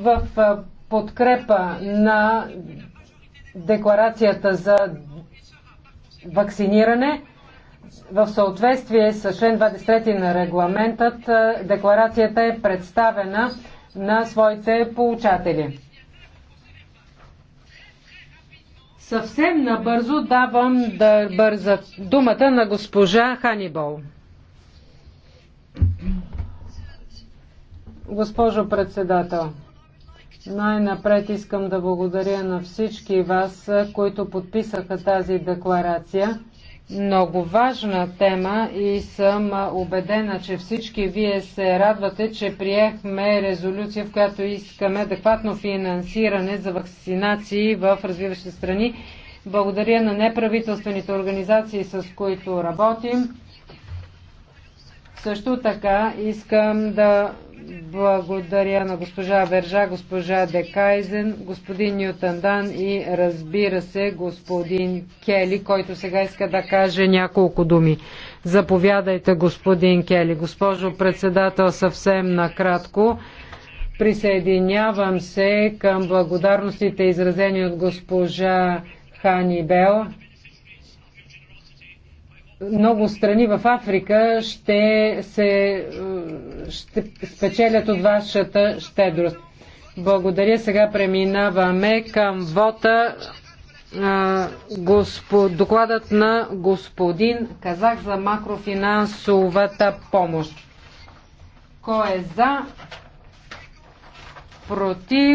в подкрепа на декларацията за вакциниране. В съответствие с член 23 на регламентът, декларацията е представена на своите получатели. Съвсем набързо давам да бърза думата на госпожа Ханибол. Госпожо председател, най-напред искам да благодаря на всички вас, които подписаха тази декларация. Много важна тема и съм убедена, че всички вие се радвате, че приехме резолюция, в която искаме адекватно финансиране за вакцинации в развиващи страни. Благодаря на неправителствените организации, с които работим. Също така искам да благодаря на госпожа Вержа, госпожа Декайзен, господин Ньютандан и разбира се господин Кели, който сега иска да каже няколко думи. Заповядайте, господин Кели. Госпожо председател, съвсем накратко. Присъединявам се към благодарностите, изразени от госпожа Хани Бел много страни в Африка ще, се, ще спечелят от вашата щедрост. Благодаря. Сега преминаваме към вота господ, докладът на господин Казах за макрофинансовата помощ. Кой е за? Против?